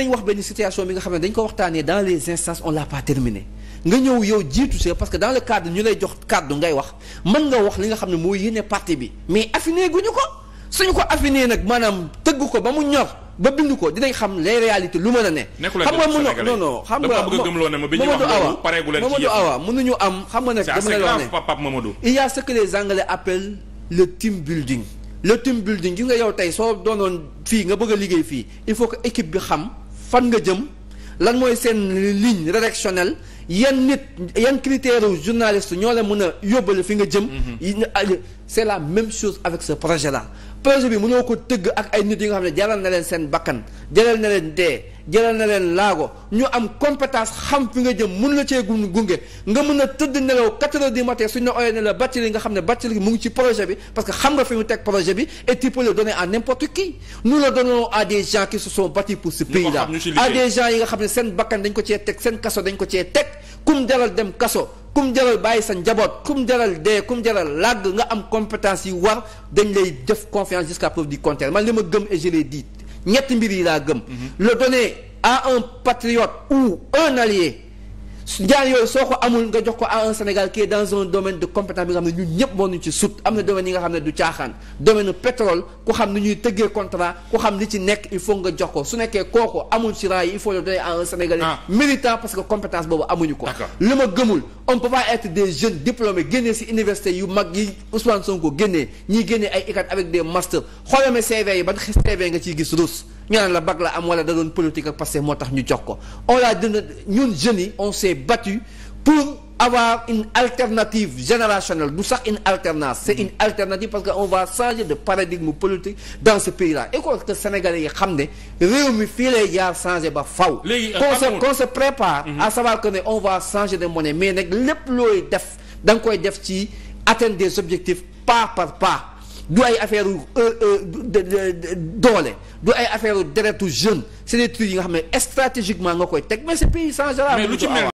nañ wax benn situation bi nga xam ne dañ ko waxtaanee dans les instances on l'a pas terminé nga ñëw yow jiitu see parce que dans le cadre ñu lay jox cadre ngay wax mën nga wax li nga xam ne moo yéene parti bi mais affiné guñu ko suñu ko affiné nag maanaam tëgg ko ba mu ñor ba bind ko dinañ xam les réalités lu mën a ne. xam nga mun na non xam nga Mamadou Awa Mamadou Awa mënuñu am xam il y a ce que les le team building le team building yi nga yow tey soo doonoon fii nga bëgg liggéey fii il faut que fan nga jëm lan mooy seen ligne rédactionnelle yan nit yan critères journaliste ñoo la mën a yóbbale fi nga jëm. Mhm. c'est la même chose avec ce projet la projet bi mënoo ko tëgg ak ay nit yi nga xam ne jaral na leen seen bakkan jaral na leen dee. jëlal na leen laago ñu am compétence xam fi nga jëm mun la cee gunge nga mun a tëdd nelaw quatre heures du matin suñ la oyee ne la Bathily nga xam ne Bathily mu ngi ci projet bi parce que xam nga fi mu teg projet bi et tu peux le donner à n'importe qui nous le donnons à des gens qui se sont pour ce pays là à yi nga xam ne seen bakkan dañ ko cee teg seen kaso dañ ko cee teg kum jaral dem kaso kum jaral bàyyi sa njaboot kum jaral d kum jaral làgg nga am compétence yi war dañ lay def confiance jusqu'à preuve du contraire man li ma gëm et ñetti mbir yi laa gëm. Mhm. le donner à un patriote ou un allié. jaar yooyu soo ko amul nga jox ko à un Sénégal qui est dans un domaine de compétence bi nga xam ne ñun ñëpp moo ñu ci sut am na domaine yi nga xam ne du caaxaan domaine pétrole ku xam ni ñuy tëggee contrat ku xam ni ci nekk il faut nga jox ko su nekkee kooku amul ci raay yi il faut le donner à un Sénégalais ah. méritant parce que compétence boobu amuñu ko li ma gëmul on peut pas être des jeunes diplômés génnee ci université yu mag yi Ousmane Sonko génnee ñiy génnee ay ikat avec des masters xoolal ma CV yi ban CV ciy gis ruus ñu naan la bac la am wala da doon politique ak parce moo tax ñu jox ko on la dina ñun jeunes on s'est battu pour avoir une alternative générationnelle du sax une alternance c'est une alternative parce que on va changer de paradigme politique dans ce pays là il faut que sénégalais yi xam ne réew mi fii lay jaar changer ba faw euh, qu'on se qu'on se prépare mhm. à savoir que ne on va changer de monnaie mais nag lépp looy def danga nga koy def ci atteindre des objectifs pas par pas du ay affaire euh, euh, doole du ay affaire deretu jeune c'est des yi nga xam ne stratégiquement nga koy teg mais ce pays changera.